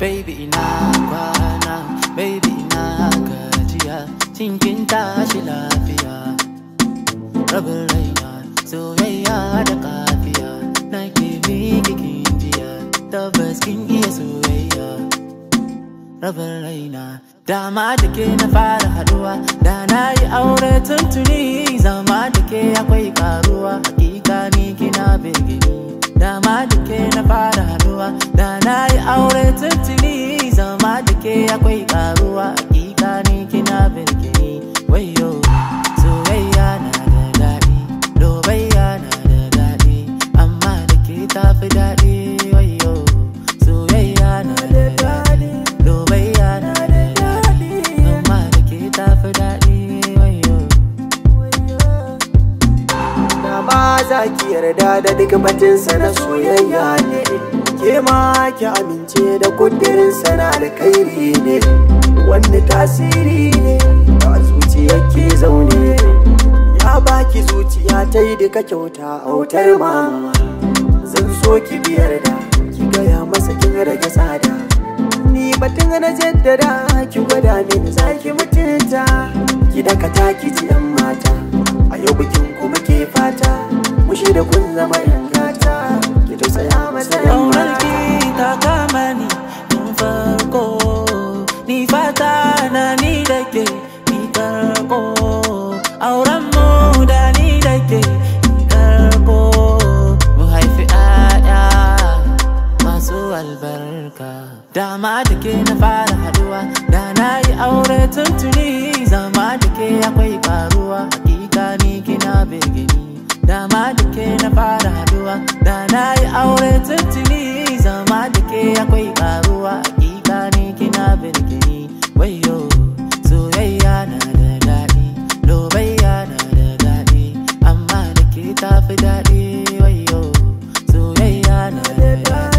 baby ina kwana baby ina gajiya cikin tashi lafiya rabin raina soyayya da kafiya na ke bikikin jiya tabbas kin iya soyayya rabin raina dama da ke na fara haduwa da na yi aure tuntuni akwai karuwa hakika ni kina ni wayo soyayya na da daɗi lobayya na da daɗi amma da ke tafi daɗi wayo soyayya na da daɗi dobayya na da daɗi amma da ke daɗi wayo na ba za ki yarda da duk batinsa na soyayya ne ke ma ki amince da kudirin sana alkhairi ne wanda tasiri ne Ba zuciya ke zaune ya baki zuciya ta yi duka kyauta autar ma zan so ki biyar da ki gaya masa kin rage tsada ni batun na jaddada ki gwada mini zaki mutunta ki dakata ki ji yan mata a yau bikin kuma ke fata mushi da kun zama yan ka dama da ke na fara haduwa da na yi aure tuntuni zama da ke akwai karuwa hakika ni kina begini dama da ke na fara haduwa da na yi aure tuntuni zama da ke akwai karuwa hakika ni kina begini wayo soyayya na da daɗi lobayya na da daɗi amma da ke tafi daɗi wayo soyayya na da daɗi